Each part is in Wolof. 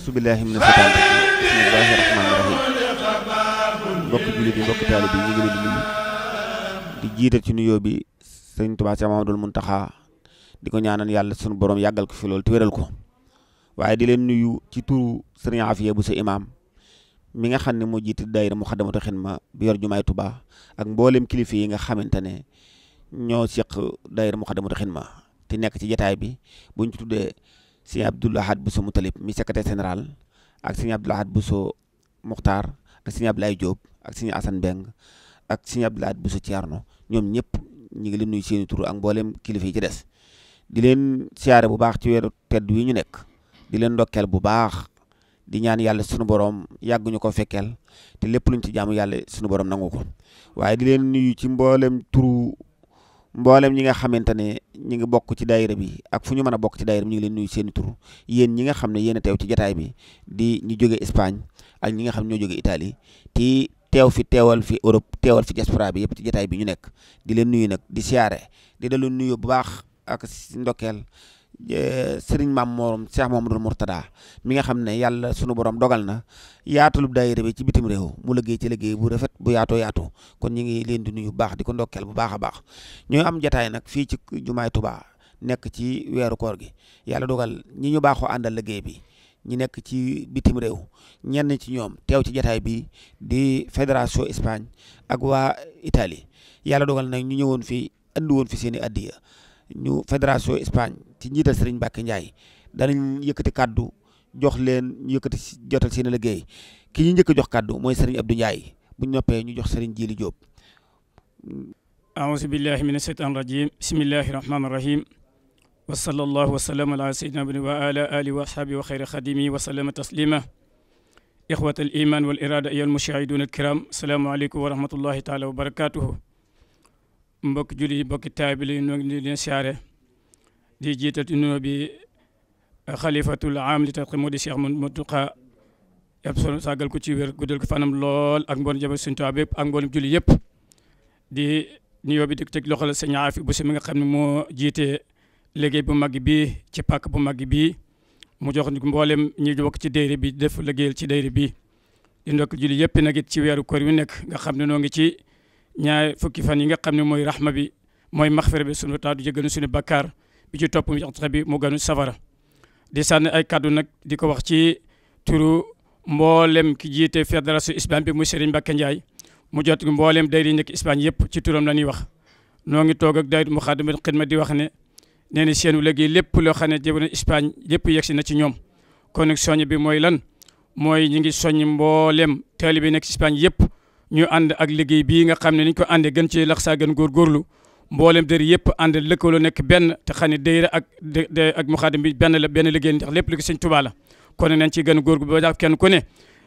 auzu billaahi mina shaytaani rajiim bismillaahi rahmaani rahiim mbokk jullit yi mbokk taalibe yi ci nuyoo bi sëñ Tuubaa Séex Mamadu Muntaxa di ko ñaanal yàlla sunu borom yàggal ko fi loolu te wéral ko waaye di leen nuyu ci turu bu sa mi nga xam ne moo jiite daayira Muxaddamatu Xidma bi yor jumaay tuba ak mboolem kilifa yi nga xamante ne ñoo seq daayira Muxaddamatu Xidma te nekk ci jataay bi buñ ci sëñ Abdoul Ahad Bousso Moutalib mi secrétaire général ak sëñ Abdoul Ahad Bousso Muxtaar ak sëñ Abdoulaye Diop ak sëñ Assane Beng ak sëñ Abdoul Ahad Bousso ñoom ñëpp ñu ngi leen nuyu seeni tur ak mboolem kilifa yi ci des di leen siyaare bu baax ci weeru tedd wi ñu nekk di leen ndokkeel bu baax di ñaan yàlla sunu borom yàgguñu ko fekkeel te lépp luñ ci jaamu yàlla sunu borom nangu ko waaye di leen nuyu ci turu. mboolem ñi nga xamante ne ñi ngi bokk ci daayira bi ak fu ñu mën a bokk ci daayira bi ñu ngi leen nuyu seeni tur yéen ñi nga xam ne yéen teew ci jataay bi di ñu jóge Espagne ak ñi nga xam ñoo jóge itali ti teew fi teewal fi Europe teewal fi diaspora bi yëpp ci jataay bi ñu nekk di leen nuyu nag di siyaare di dalu nuyu bu baax ak ndokkeel Eh, sëriñ maam morom Cheikh Mamadou Mourtada mi nga xam ne yàlla sunu borom dogal na yaatalub daayira bi ci bitim réew mu liggéey ci liggéey bu rafet bu yaatoo yaato kon ñu ngi leen di nuyu bu baax di ko ndokkeel bu baax a baax ñooy am jataay nag fii ci jumaay Touba nekk ci weeru koor gi yàlla dogal ñi ñu baaxoo àndal liggéey bi ñi nekk ci bitim réew ñenn ci ñoom teew ci jataay bi di fédération Espagne ak waa Italie yàlla dogal nag ñu ñëwoon fi andi woon fi seen i addiya ñu fédération Espagne. ci njiital sëriñ Mbacke njaay danañ yëkkati kàddu jox leen yëkkati jotal seen liggéey ki ñu njëkk jox kàddu mooy sëriñ Abdou Ndiaye bu ñu noppee ñu jox sëriñ Jili Diop. aouzu billahi min asheytaan rajim bismillahi rahmaani rahim wa sallallahu wa sallam ala sayyidina bni wa ala alihi wa ashaabi wa xayri xadimi wa sallama taslima ixwat al iman wal irada ayal mushahiduna alkiram asalaamaaleykum wa rahmatullahi taala wa barakatuhu mbokki julli mbokki taabili ñoo di jiital ci nuyoo bi eh, xalifatul am li tax moo di Cheikh Mamadou Mountakha yàpp solo ko ci wér guddal ko fanam lool ak mboolem jabar Sëñ Tuubaa bépp ak mboolem julli yëpp di nuyoo bi di teg loxo la Sëñ Aafi bu si mi nga xam ne moo jiite liggéey bu mag bi ci pak bu mag bii mu jox mboolem ñi bokk ci dayre bi def liggéeyal ci dayre bi di ndokk julli yëpp nag it ci weeru koor wi nekk nga xam ne noo ngi ci ñaar fukki fan yi nga xam ne mooy rahma bi mooy maxfira bi sunu taatu jéggal suñu bakkaar bi ci topp mi ci bi mu ganu safara di sànni ay kàddu nag di ko wax ci turu mboolem ki jiite fédération islam bi muy Serigne Mbacké Ndiaye mu jot mboolem dayri nekk Espagne yëpp ci turam la ñuy wax noo ngi toog ak dayru Muxaddamatul Xidma di wax ne nee seenu léegi lépp loo xam ne jëm na Espagne lépp yegsi na ci ñoom kon nag soññ bi mooy lan mooy ñu ngi soññ mboolem taalibe bi nekk Espagne yëpp ñu ànd ak liggéey bii nga xam ne ni ko àndee gën ci lax saa gën góorgóorlu mboolem dër yëpp ànd lëkkaloo nekk benn te xam ne dayra ak de ak bi benn la benn liggéey ndax lépp liggéey sëñ Tuubaa la kon nañ ci gën a góorgu ba kenn ku ne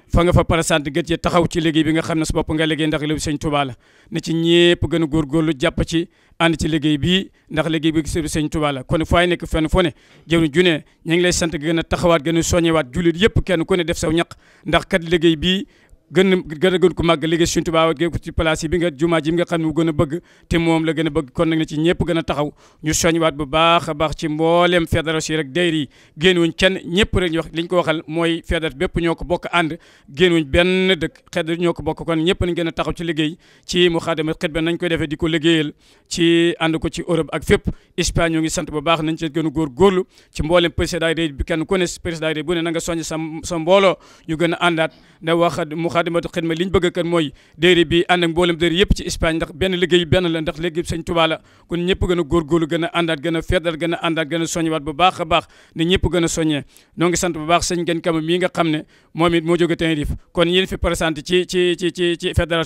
fa nga fa parasant gët yi taxaw ci liggéey bi nga xam ne su bopp nga liggéey ndax lépp sëñ Tuubaa la na ci ñëpp gën jàpp ci ànd ci liggéey bii ndax liggéey bi sëñ Tuubaa la kon fay nekk fenn fu ne jëwriñ ju ne ñu ngi lay sant gën a taxawaat gën a soññewaat jullit yëpp kenn ku ne def saw ñaq ndax kat liggéey bii gën gën a gën ko màgg liggéey Sëriñ Tuubaa gi ci place bi nga jumaa ji nga xam ne gën a bëgg te moom la gën a bëgg kon nag na ci ñëpp gën a taxaw ñu soñwaat bu baax a baax ci mbooleem fédération rek dayr yi wuñ kenn ñëpp rek ñu waxal mooy fédération bépp ñoo ko bokk ànd génn wuñ benn dëkk xet ñoo ko bokk kon ñëpp nañ gën a taxaw ci liggéey ci mu xaadama xet ben nañ koy defee di ko liggéeyal ci ànd ko ci Europe ak fépp Espagne ñoo ngi sant bu baax nañ ci gën a góor góorlu ci mbooleem président day bi kenn ku ne président day bu ne na nga soññ sa sa mbooloo ñu gën a àndaat Moukhaddamatoul Khidma li ñu bëgg kan mooy déere bi ànd ak mboolem déere yëpp ci Espagne ndax benn liggéey benn la ndax léegi sëñ Tuubaa kon a góorgóorlu gën a a feddal gën a àndaat bu baax a baax ne ñëpp gën a soññee noo ngi sant bu baax sëñ Gane Kama mii nga xam ne moom it moo jóge Tenerife kon ñi fi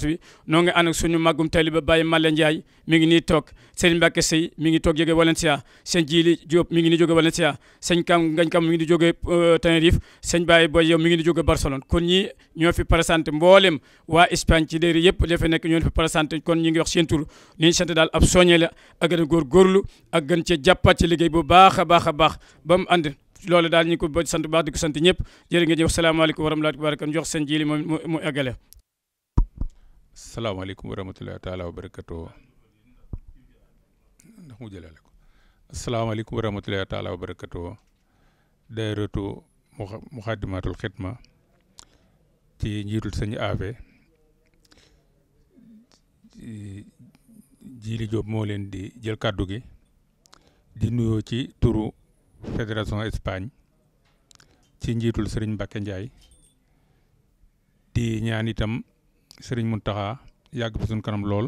mi ngi nii toog sëñ Mbacke mi ngi toog jóge Valencia sëñ Jili Diop mi ngi nii jóge Valencia sëñ Kam Gane Kama mi ngi di jóge euh, Tenerife sëñ Baye Boy yow mi ngi di jóge Barcelone kon ñi ñoo fi présenté sant mboolem waa Espagne ci déeri yëpp dafa nekk ñoo par présenté kon ñu ngi wax seen tur li sant daal ab soññe la ak gën a góorgóorlu ak gën ce jàppaat ci liggéey bu baax a baax a baax ba mu ànd loole daal ñu ko ba sant baax di ko sant ñëpp jërë ngeen jëf salaamaaleykum wa rahmatullahi wa barakatu jox seen jili moom mu mu eggale salaamaaleykum wa mu jëlee la ko asalaamaaleykum wa rahmatullahi taala wa barakatu dayratu ci njiitul sëñ Afe Jili Diop moo leen di jël kàddu gi di nuyoo ci turu fédération Espagne ci njiitul sëriñ Mbacke Ndiaye di ñaan itam sëriñ Mountakha yàgg fi suñ kanam lool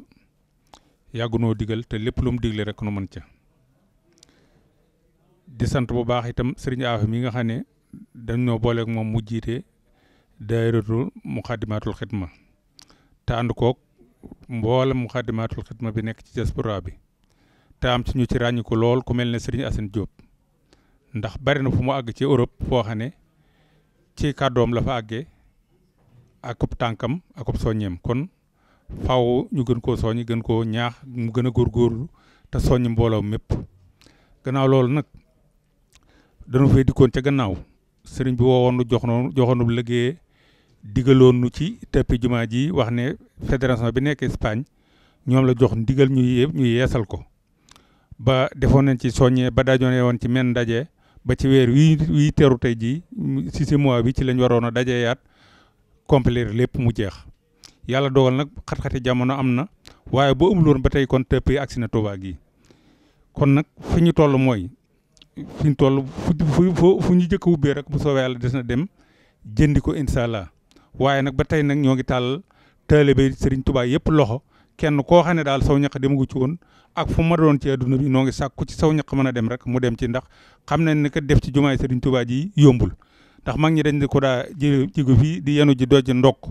yàggunoo digal te lépp lu mu digle rek nu mën ca di sant bu baax itam sëriñ Afe mi nga xam ne dañ ñoo booleeg moom mu jiite daayiratul muxaddimaatul xidma te ànd koog mboolem muxaddimaatul xidma bi nekk ci diaspora bi te am ci ñu ci ràññiku lool ku mel ne Serigne Assane Diop ndax bari na fu mu àgg ci Europe foo xam ne ci kàddoom la fa àggee akub tànkam akub soññeem kon faw ñu gën koo soññ gën koo ñaax mu gën a góorgóorlu te soññ mbooloo mépp gannaaw loolu nag dañu fay dikkoon ca gannaaw sëriñ bi woowoon jox noonu joxoonu liggéey digaloon ci teppi jumaa ji wax ne fédération bi nekk Espagne ñoom la jox ndigal ñu yëpp ñu yeesal ko ba defoon nañ ci soññee ba dajoone woon ci menn ndaje ba ci weer wii wii teru tey jii si mois bi ci lañ waroon a daje yaat compléter lépp mu jeex yàlla dogal nag xat-xati jamono am na waaye boo amul woon ba tey kon tëpp yi agsi na Tuubaa yi kon nag fi ñu toll mooy fi ñu toll fu fu ñu jëkk a ubbee rek bu soobee yàlla des na dem jëndi ko incha allah waaye nag ba tey nag ñoo ngi tàll taalibe Serigne Touba yëpp loxo kenn koo xane daal saw ñaq demagu ci woon ak fu ma doon ci adduna bi noo ngi sàkku ci saw ñaq mën a dem rek mu dem ci ndax xam nañ ni que def ci jumaay Serigne tubaa ji yombul ndax mag ñi dañ di ko daa ji jigu fii di yenu ji doj ndokk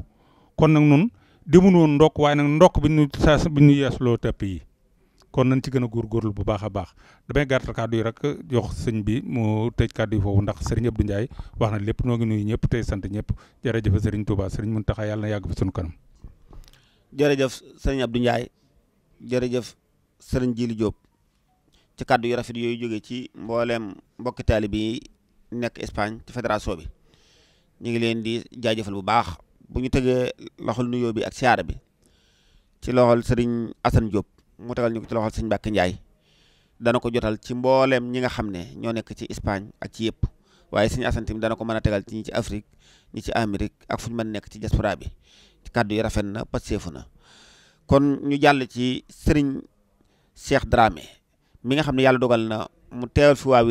kon nag nun demuñu woon ndokk waaye nag ndokk bi ñu saa bi ñu yeesloo tëpp yi kon nañ ci gën a góorgóorlu bu baax a baax damay gàttal kàddu yi rek jox sëñ bi mu tëj kàddu yi foofu ndax sëriñ Abdou Ndiaye wax na lépp noo ngi nuyu ñëpp tey sant ñëpp jërëjëf sëriñ Touba sëriñ Mountakha yàlla na yàgg fi sunu kanam. jërëjëf sëriñ Abdou jërëjëf sëriñ Djili Diop ci kàddu yu rafet yooyu jógee ci mbooleem mbokki taalibe yi nekk Espagne ci fédération bi ñu ngi leen di jaajëfal bu baax bu ñu tegee loxol nuyoo bi ak siyaara bi ci loxol sëriñ Assane Diop mu tegal ñu ko ci loxol sëñ Mbàkke Njaay dana ko jotal ci mbooleem ñi nga xam ne ñoo nekk ci Espagne ak ci yëpp waaye sëñ Asan tamit dana ko mën a tegal ci ñi ci Afrique ñi ci Amérique ak fu ñu mën nekk ci diaspora bi kàddu yi rafet na pasteefu na kon ñu jàll ci sëriñ Cheikh Dramé mi nga xam ne yàlla dogal na mu teewal fi waa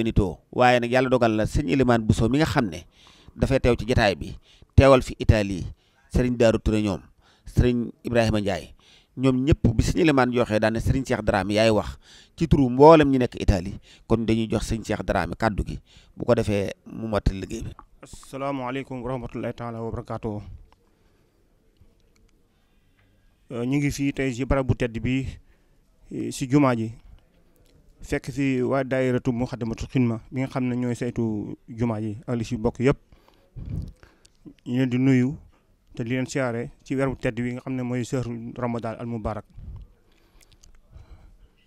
waaye nag yàlla dogal na sëñ bu Bousso mi nga xam ne dafay teew ci jataay bi teewal fi Italie sëriñ Daaru Touré ñoom sëriñ Ibrahima Ndiaye ñoom ñëpp bi sëñ Elimane joxee daan ne sëriñ Cheikh Dramé yaay wax ci turu mboolem ñu nekk Italie kon dañuy jox sëñ Cheikh Dramé kàddu gi bu ko defee mu matal liggéey bi. asalaamaaleykum wa rahmatulahi taala wa barakaatu. Euh, ñu ngi fii tey ci barab bu tedd bi si euh, jumaa ji fekk ci waa daayiratu Muxaddamatul Xidma bi nga xam ne ñooy saytu jumaa ji ak li ci bokk yëpp ñu leen di nuyu. te di leen siyaare ci weeru tedd wi nga xam ne mooy sëru Ramadan al Mubarak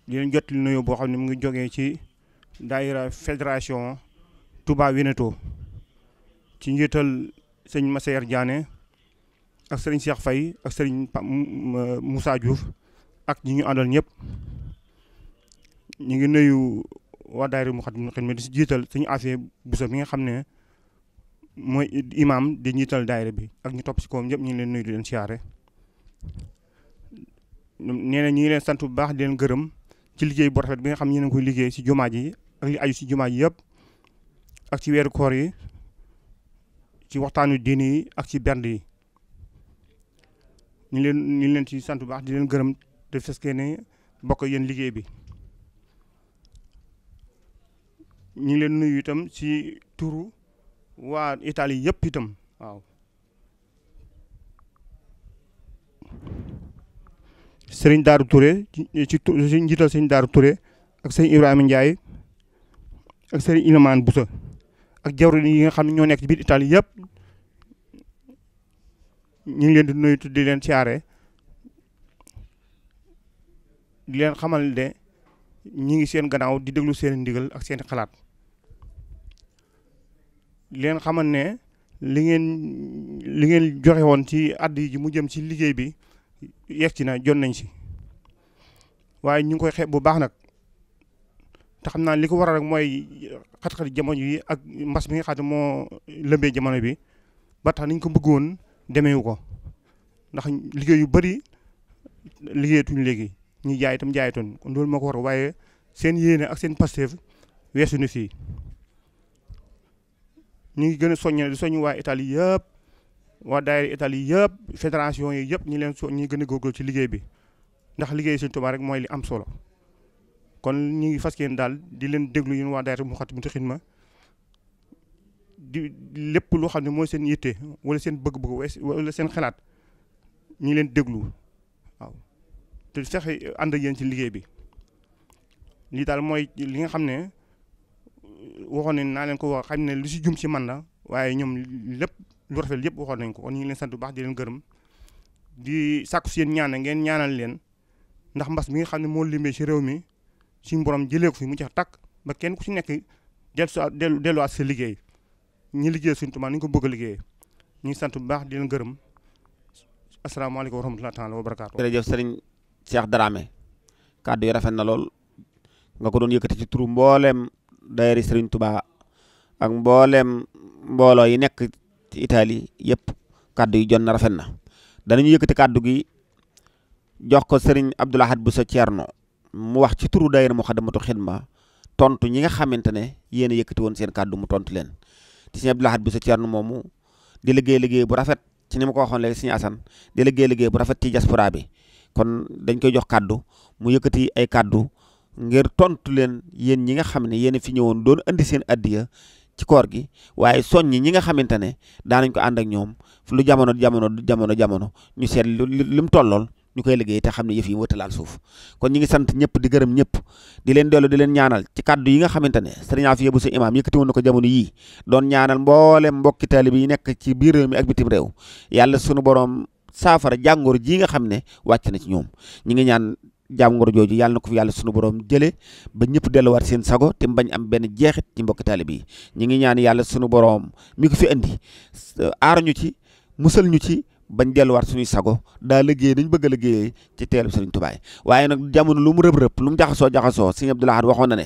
di leen jot li nuyu boo xam ne mu ngi jógee ci daayira fédération Touba Wénéto ci njiital sëñ Massayer Diané ak sëriñ Cheikh fay ak sëriñ Moussa Diouf ak ñu àndal ñëpp ñu ngi nuyu waa daayira mu xat xidma di si jiital sëñ Afee Bousso mi nga xam ne mooy imaam di njiital daayira bi ak ñu topp si kawam ñëpp ñu ngi leen nuyu di leen siyaare nee na ñu ngi leen sant bu baax di leen gërëm ci liggéey bu rafet bi nga xam ñi ñu koy liggéey si jumaa ji ak li aju jumaa yëpp ak ci weeru koor yi ci waxtaanu diini yi ak ci bend yi ñu leen ñu leen ci sant bu baax di leen gërëm te feskee ne bokk yéen liggéey bi ñu leen nuyu itam ci turu waa itali yëpp itam waaw. sëriñ Daaru Touré ci ci njiital sëriñ Daaru Touré ak sëriñ Ibrahima Ndiaye ak sëriñ inamaan Boussa ak jawriñ yi nga xam ne ñoo nekk ci biir Italie yëpp ñu ngi leen di nuyu di leen siyaare di leen xamal de ñi ngi seen gannaaw di déglu seen ndigal ak seen xalaat leen xaman ne li ngeen li ngeen joxe woon ci addi ji mu jëm ci liggéey bi yegg ci na jot nañ si waaye ñu ngi koy xeeb bu baax nag te xam naa li ko waral rek mooy xat-xat jamono yi ak mbas mi nga xam moo lëmbee jamono bi ba tax niñ ko bëggoon demeewu ko ndax liggéey yu bari liggéeyatuñ léegi ñu jaay itam jaayatoon kon loolu moo ko waral waaye seen yéene ak seen pasteef weesu na fii ñu ngi gën a soññ di soññ waa Italie yëpp waa daayira Italie yëpp fédération yi yëpp ñi leen soñ ñi gën a góorgóorlu ci liggéey bi ndax liggéey Sëñ Tuubaa rek mooy li am solo kon ñu ngi fas yéene daal di leen déglu yéen waa daayira Moukhaddamatoul Khidma di lépp loo xam ne mooy seen yitte wala seen bëgg-bëgg wala seen xalaat ñi leen déglu waaw te fexe ànd ak yéen ci liggéey bi lii daal mooy li nga xam ne waxoon ne naa leen ko wax xam ne lu si jum si man waaye ñoom lépp lu rafet yëpp waxoon ko kon ñu ngi leen sant bu baax di leen gërëm di sàkku seen ñaan ngeen ñaanal leen ndax mbas mi nga xam ne moo limbee si réew mi suñu borom jëlee ko fi mu jeex takk ba kenn ku si nekk dellusiwaat dellu delluwaat sa liggéey ñi liggéey suñu tubaab ni ñu ko bëgg liggéey ñu sant bu baax di leen gërëm asalaamaaleykum wa rahmatulah taala wa barakaatu. jërëjëf sëriñ Cheikh Dramé kàddu yi rafet na lool nga ko doon yëkkati daayira Sëriñ Tuubaa ak mbooleem mbooloo yi nekk ci Italie yëpp kàddu yi jot na rafet na danañu yëkkati kàddu gi jox ko sëriñ Abdoul Ahad Bousso Thierno mu wax ci turu daayira Moukhaddamatoul Khidma tontu ñi nga xamante ne yéen a woon seen kàddu mu tontu leen di sëriñ Abdoul Ahad Bousso Thierno moomu di liggéey liggéey bu rafet ci ni ma ko waxoon léegi sëriñ Assane di liggéey liggéey bu rafet ci diaspora bi kon dañ koy jox kàddu mu yëkkati ay kàddu ngir tontu leen yéen ñi nga xam ne yéen fi ñëwoon doon andi seen addiya ci koor gi waaye soññ ñi nga xamante ne daanañ ko ànd ak ñoom lu jamono jamono jamono jamono ñu seet lu lu mu tollool ñu koy liggéey te xam ne yëf yi wëttalaal suuf kon ñi ngi sant ñëpp di gërëm ñëpp di leen dellu di leen ñaanal ci kàddu yi nga xamante ne sëriñ Afiya bu sa imaam yëkkati woon na ko jamono yii doon ñaanal mboolem mbokki taalibe yi nekk ci biir réew mi ak bitim réew yàlla sunu boroom saafara jàngoor ji nga xam ne wàcc na ci ñoom jàngoro jooju yàlla na ko fi yàlla sunu borom jëlee ba ñëpp delluwaat seen sago te bañ am benn jeexit ci mbokki taalibe yi ñu ngi ñaan yàlla sunu borom mi ko fi andi aar ñu ci musal ñu ci bañ delluwaat suñuy sago daa liggéey dañ bëgg a liggéeyee ci teelub Sëriñ Tuubaa waaye nag jamono lu mu rëb-rëb lu mu jaxasoo jaxasoo Sëriñ Abdul Ahad waxoon na ne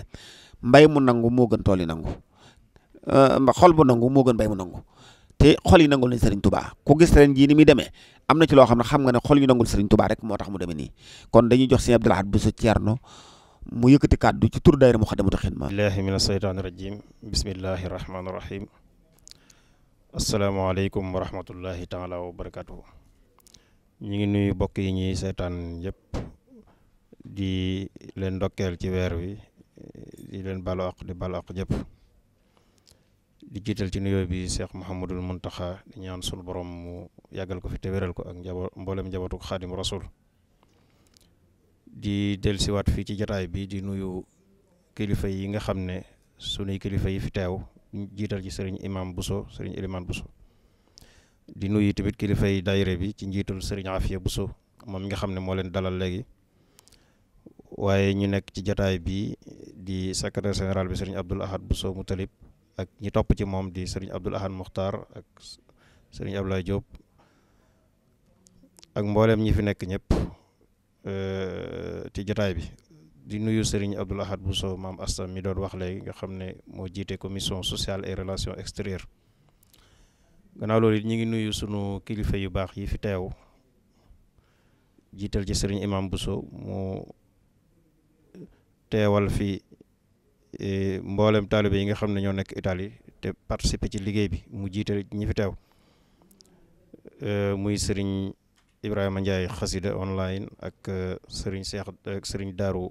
mbay mu nangu moo gën tool yi nangu xol bu nangu moo gën mbay mu nangu te xol yi nangul nañ Serigne Touba ku gis ren jii ni muy demee am na ci loo xam ne xam nga ne xol yu nangul Serigne Touba rek moo tax mu demee nii kon dañuy jox Serigne Abdou Lahad Bousso Thierno mu yëkkati du ci tur daayira Moukhaddamatoul Khidma billahi min asheytaani rajim bismillahi rahmaani rahim asalaamaaleykum wa rahmatullahi taala wa barakatuhu ñu ngi nuyu bokk yi ñuy seetaan yëpp di leen ndokkeel ci weer wi di leen balu aq di balu aq di jiital ci nuyoo bi Cheikh Mouhamadul Mountakha di ñaan sunu borom mu yàggal ko fi te ko ak njabo mboolem njabootu Xaadim Rasul di dellusiwaat fii ci jataay bi di nuyu kilifa yi nga xam ne sunuy kilifa yi fi teew jiital ci sëriñ Imam Bousso sëriñ Elimane Bousso di nuyu tamit kilifa yi dayre bi ci njiitul sëriñ Afia Bousso moom mi nga xam ne moo leen dalal léegi waaye ñu nekk ci jataay bi di secrétaire général bi sëriñ Abdoul Ahad Bousso mu talib ak ñi topp ci moom di sëriñ Abdul Ahad Muxtaar ak sëriñ Ablaye Diop ak mbooleem ñi fi nekk ñëpp euh, ci jotaay bi di nuyu sëriñ Abdul Ahad Bousso maam Asta mi doon wax léegi nga xam ne moo jiite commission sociale et relation extérieures gannaaw loolu it ñu ngi nuyu sunu kilifa yu baax yi fi teew jiital ci sëriñ Imam Bousso mu teewal fi E, mboolem taalibe yi nga xam ne ñoo nekk itali te participer ci liggéey bi mu jiite ñi fi teew e, muy sëriñ Ibrahima Ndiaye xasida online ak e, sëriñ Cheikh ak sëriñ Darou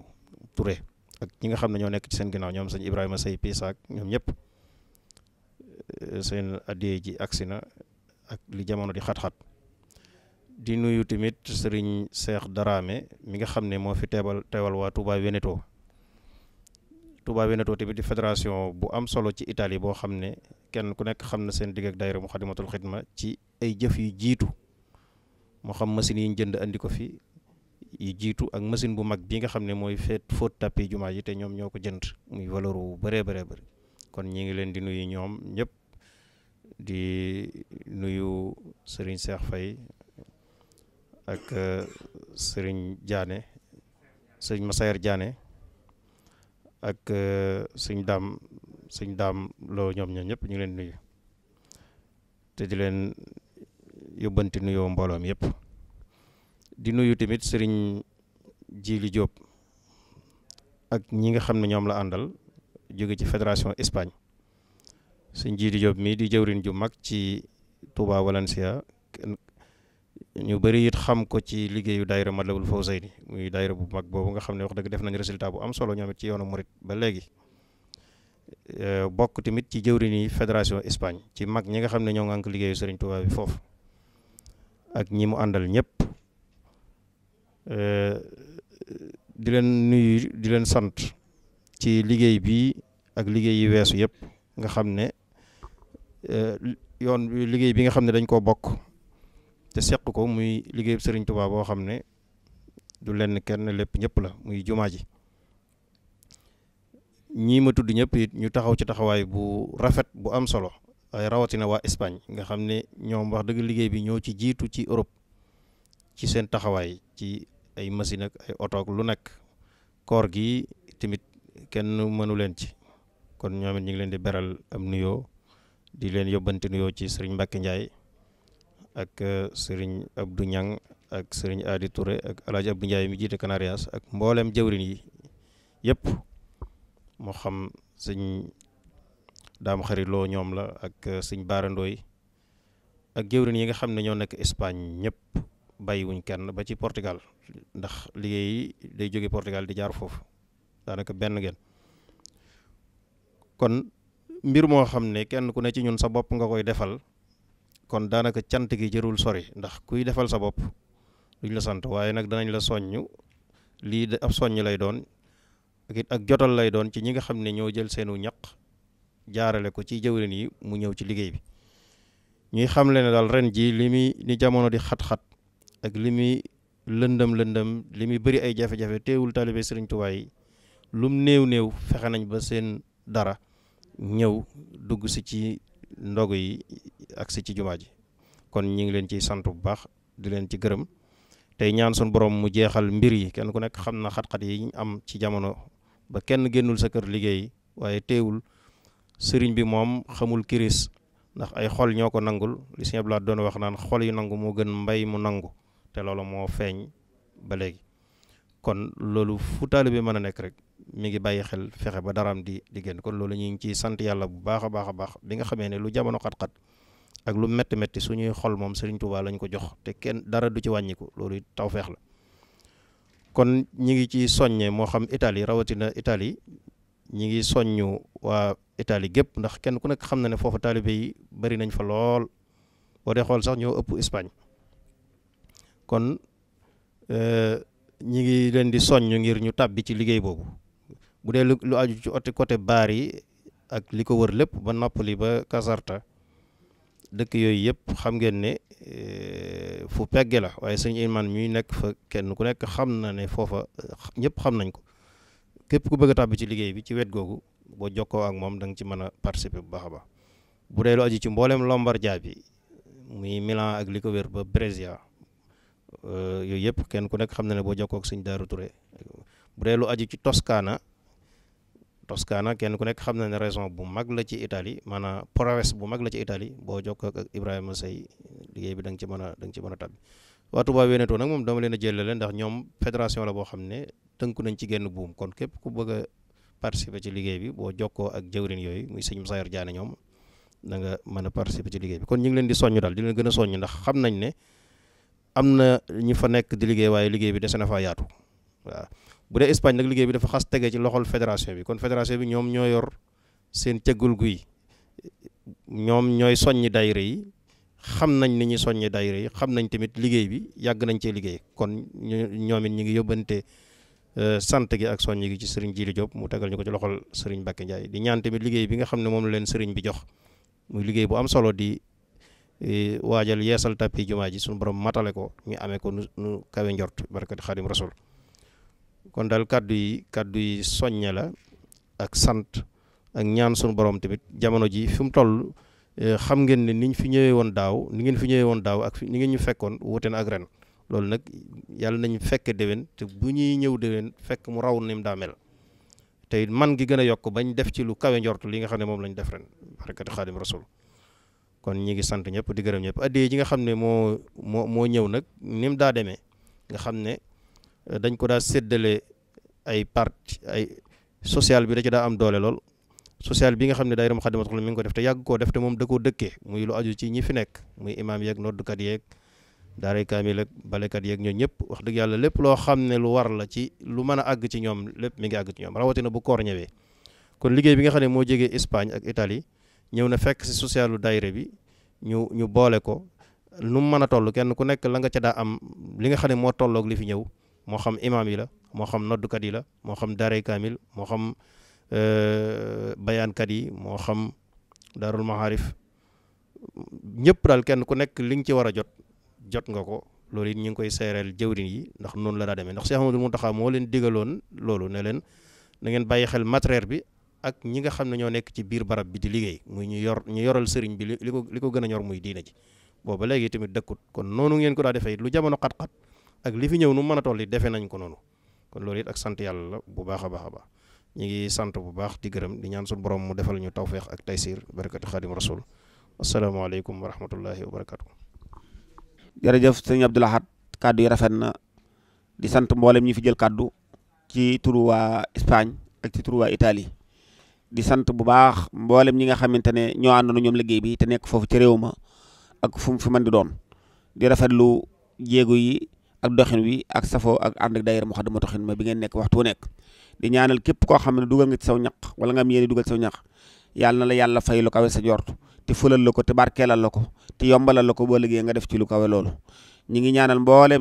Touré ak ñi nga xam ne ñoo nekk ci seen ginnaaw ñoom sëñ Ibrahima Sey Pisaak ñoom ñëpp seen addiyee ji agsi na ak li jamono di xat-xat di nuyu tamit sëriñ Cheikh Darame mi nga xam ne moo fi teebal teewal waa Touba Veneto Touba Veneto tamit di fédération bu am solo ci Italie boo xam ne kenn ku nekk xam na seen digg ak daayira Muxaddamatul Xidma ci ay jëf yu jiitu moo xam machine yi ñu jënd andi ko fi yu jiitu ak machine bu mag bi nga xam ne mooy feet fóot tapis jumaa yi te ñoom ñoo ko jënd muy valeur bu bëree bëree bëri kon ñi ngi leen di nuyu ñoom ñëpp di nuyu Serigne Cheikh Faye ak euh, sëriñ Diané Serigne Massayar Diané ak eh, suñ daam suñ daam loo ñoom ñoo ñëpp ñu leen nuyu te di leen yóbbanti nuyoo mbooloo mi yëpp di nuyu tamit sëriñ Jili jóob ak ñi nga xam ne ñoom la àndal jóge ci fédération Espagne sëñ Jili Diop mi di jëwrin ju mag ci Touba Valencia ñu bari it xam ko ci liggéeyu daayira Matlabul Fawzayni muy daayira bu mag boobu nga xam ne wax dëgg def nañ résultat bu am solo ñoom it ci yoonu murit ba léegi euh, bokk tamit ci jëwriñi fédération Espagne ci mag ñi nga xam ne ñoo ngànk liggéeyu Serigne Touba bi foofu ak ñi mu àndal ñëpp euh, di leen nuyu di leen sant ci liggéey bi ak liggéey weesu yëpp nga xam ne euh, yoon liggéey bi nga xam ne dañ koo bokk te seq ko muy liggéeyub sëriñ Tuubaa boo xam ne du lenn kenn lépp ñëpp la muy jumaa ji ñii tudd ñëpp it ñu taxaw ci taxawaay bu rafet bu am solo ay rawatina waa Espagne nga xam ne ñoom wax dëgg liggéey bi ñoo ci jiitu ci Europe ci seen taxawaay ci ay machine ak ay oto lu nekk koor gi tamit kenn mënu leen ci kon ñoom ñu ngi leen di beral am nuyoo di leen yóbbante nuyoo ci sëriñ Mbacke Ndiaye ak euh, sëriñ Abdou Niang ak sëriñ Adi Touré ak alaaji Abdou Ndiaye mi jiite Canarias ak mbooleem jëwrin yi yëpp moo xam sëñ daam xariloo ñoom la ak euh, sëñ baarandooy ak jëwrin yi nga xam ne ñoo nekk Espagne ñëpp bàyyiwuñ kenn ba ci Portugal ndax liggéey yi day jóge Portugal di jaar foofu daanaka benn ngeen kon mbir moo xam ne kenn ku ne ci ñun sa bopp nga koy defal kon daanaka cant gi jërul sori ndax kuy defal sa bopp duñ la sant waaye nag danañ la soññ lii de ab soññ lay doon ak jotal lay doon ci ñi nga xam ne ñoo jël seenu ñaq jaarale ko ci jëwrin yi mu ñëw ci liggéey bi ñuy xamle ne daal ren ji li muy ni jamono di xat-xat ak li muy lëndëm lëndëm li muy bari ay jafe-jafe teewul taalibe Sëriñ Tuubaa lum néew néew fexe nañ ba seen dara ñëw dugg si ci ndogu yi ak si ci jumaa ji kon ñi ngi leen ciy sant bu baax di leen ci gërëm tey ñaan suñu boroom mu jeexal mbir yi kenn ku nekk xam na xat-xat yi ñu am ci jamono ba kenn génnul sa kër liggéey waaye teewul sëriñ bi moom xamul kiris ndax ay xol ñoo ko nangul li sëñ Abdoulaye doon wax naan xol yu nangu moo gën mbay mu nangu te loolu moo feeñ ba léegi kon loolu fu taalibe mën a nekk rek mu ngi bàyyi xel fexe ba daraam di di génn kon loolu ñu ngi ciy sant yàlla bu baax a baax a baax bi nga xamee ne lu jamono xat ak lu métti métti suñuy xol moom Serigne Touba lañ ko jox te kenn dara du ci wàññiku loolu tawfeex la kon ñi ngi ci soññee moo xam Italie rawatina Italie ñi ngi soññu waa Italie gépp ndax kenn ku nekk xam na ne foofu taalibe yi bari nañ fa lool boo dee xool sax ñoo ëpp Espagne kon euh, ñi ngi leen di soññu ngir ñu tàbbi ci liggéey boobu bu dee lu aju ci côté baar yi ak li ko wër lépp ba Napoli ba kasarta dëkk yooyu yëpp xam ngeen ne euh, fu peggee la waaye sëñ Ilimane ñuy nekk fa kenn ku nekk xam na ne foofa euh, ñëpp xam nañ ko képp ku bëgg a tàbbi ci liggéey bi ci wet googu boo jokkoo ak moom da nga ci mën a participer bu baax a baax bu dee lu aju ci mbooleem Lombardia bi muy Milan ak li ko wér ba Brescia euh, yooyu yëpp kenn ku nekk xam na ne boo jokkook ak sëñ Touré bu dee lu aju ci Toscana parce que Toscana kenn ku nekk xam na ne raison bu mag la ci Italie maanaam province bu mag la ci itali boo jokkoo ak Ibrahima Sey liggéey bi danga nga ci mën a da nga ci mën a tabbi waa Touba Veneto moom dama leen a jëlale ndax ñoom fédération la boo xam ne tënku nañ ci genn buum kon képp ku bëgg a participer ci liggéey bi boo jokkoo ak jëwrin yooyu muy sëñ Sayar Jaane ñoom da nga mën a participer ci liggéey bi kon ñu ngi leen di soññ daal di leen gën a soññ ndax nañ ne am na ñu fa nekk di liggéey waaye liggéey bi dese na faa waaw bu dee Espagne nag liggéey bi dafa xas tege ci loxol fédération bi kon fédération bi ñoom ñoo yor seen cëggul guy ñoom ñooy soññi daayira yi xam nañ ni ñuy soññi daayira yi xam nañ tamit liggéey bi yàgg nañ cee liggéey kon ñoom it ñu ngi yóbbante euh, sant gi ak soññ gi ci sëriñ Jili Diop mu tegal ñu ko ci loxol sëriñ Mbacke Ndiaye di ñaan tamit liggéey bi nga xam ne moom la leen sëriñ bi jox muy liggéey bu am solo di e, waajal yeesal tappi jumaa ji suñu borom matale ko ñu amee ko nu nu kawe njort barkati xaadim rasul kon daal kàddu yi kàddu yi soññe la ak sant ak ñaan sunu borom tamit jamono ji fi mu toll eh, xam ngeen ne niñ fi ñëwee woon daaw ni ngeen fi ñëwee woon daaw ak ni ngeen ñu fekkoon wuute na ak ren loolu nag yàlla nañ fekke déwén te bu ñuy ñëw déwén fekk mu raw ni mu daa mel te man gi gën a yokk bañ def ci lu kawe njortu li nga xam ne moom lañ def ren barakati xaadim rasul kon ñi ngi sant ñëpp di gërëm ñëpp addiye ji nga xam ne moo moo moo ñëw nag ni daa demee nga xam ne Euh, dañ ko daa séddale ay parti ay sociale bi da daa am doole lool sociale bi nga xam ne daayira Moukhaddamatoul Khidma mi ngi ko def te yàgg koo def te moom da koo dëkkee muy lu aju ci ñi fi nekk muy imaam yeeg noddukat yeeg daaray kaamil ak balekat yeeg ñoo ñëpp wax dëgg yàlla lépp loo xam ne lu war la ci lu mën a àgg ci ñoom lépp mi ngi àgg ci ñoom rawatina bu koor ñëwee kon liggéey bi nga xam ne moo jegee Espagne ak Italie ñëw na fekk si socialu daayira bi ñu ñu boole ko nu mën a toll kenn ku nekk la nga ca daa am li nga xam ne moo tolloog li fi ñëw moo xam imaam yi la moo xam noddukat yi la moo xam daaray kaamil moo xam euh, bayaankat yi moo xam daarul maharif ñëpp daal kenn ku nekk li nga ci war a jot jot nga ko loolu it ñu ngi koy seereel jëwriñ yi ndax noonu la daa demee ndax Cheikh Amadou Mountakha moo leen digaloon loolu ne leen na ngeen bàyyi xel matériel bi ak ñi nga xam ne ñoo nekk ci biir barab bi di liggéey muy ñu yor ñu yoral sëriñ bi li ko li ko gën a ñor muy diina ci booba léegi tamit dëkkut kon noonu ngeen ko daa defee lu jamono xat ak li fi ñëw nu mën a toll nañ ko noonu kon loolu it ak sant yàlla bu baax a ba a baax ñu ngi sant bu baax di gërëm di ñaan suñu boroom mu defal ñu tawféex ak taysir barakatu xaadim rasul asalaamaaleykum wa rahmatullahi wa barakatu. jërëjëf sëñ Abdou Lahad kàddu yi rafet na di sant mboolem ñi fi jël kàddu ci turu waa Espagne ak ci turu waa di sant bu baax mboolem ñi nga xamante ne ñoo àndoon ñoom liggéey bi te nekk foofu ci réew ma ak fu mu fi di doon ak doxin wi ak safoo ak ànd ak daayira Moukhaddamatoul Khidma bi ngeen nekk waxtu wu nekk di ñaanal képp koo xam ne dugal nga ci saw ñaq wala nga am yéene dugal saw ñaq yàlla na la yàlla fay lu kawe sa jort te fulal ko te barkeelal la ko te yombalal la ko boo liggéey nga def ci lu kawe loolu ñi ngi ñaanal mboolem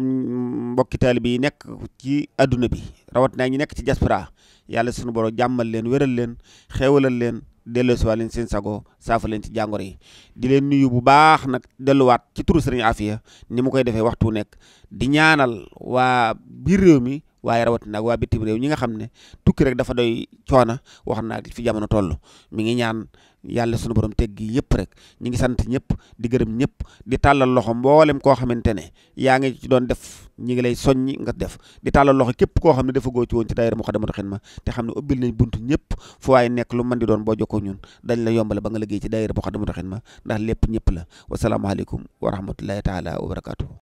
mbokki taalibe yi nekk ci adduna bi rawat na ñi nekk ci diaspora yàlla suñu borom jàmmal leen wéral leen xéewalal leen delloosiwaat leen seen sago saafa leen ci jàngoro yi di leen nuyu bu baax nag delluwaat ci turu sëriñ Afia ni mu koy defee waxtu nekk di ñaanal waa biir réew mi waaye rawatina ak waa bitim réew ñi nga xam ne tukki rek dafa doy coona wax na ak fi jamono toll mi ngi ñaan yàlla sunu borom teg gi yëpp rek ñi ngi sant ñëpp di gërëm ñëpp di tàllal loxo mboolem koo xamante ne yaa ngi ci doon def ñi ngi lay soññi nga def di tàllal loxo képp koo xam ne dafa góo ci woon ci daayira Moukhaddamatoul Khidma te xam ne ubbil nañ buntu ñëpp fu waaye nekk lu man di doon boo jokkoo ñun dañ la yombale ba nga liggéey ci daayira Moukhaddamatoul Khidma ndax lépp ñëpp la wasalaamaaleykum wa rahmatullahi taala wa barakatuh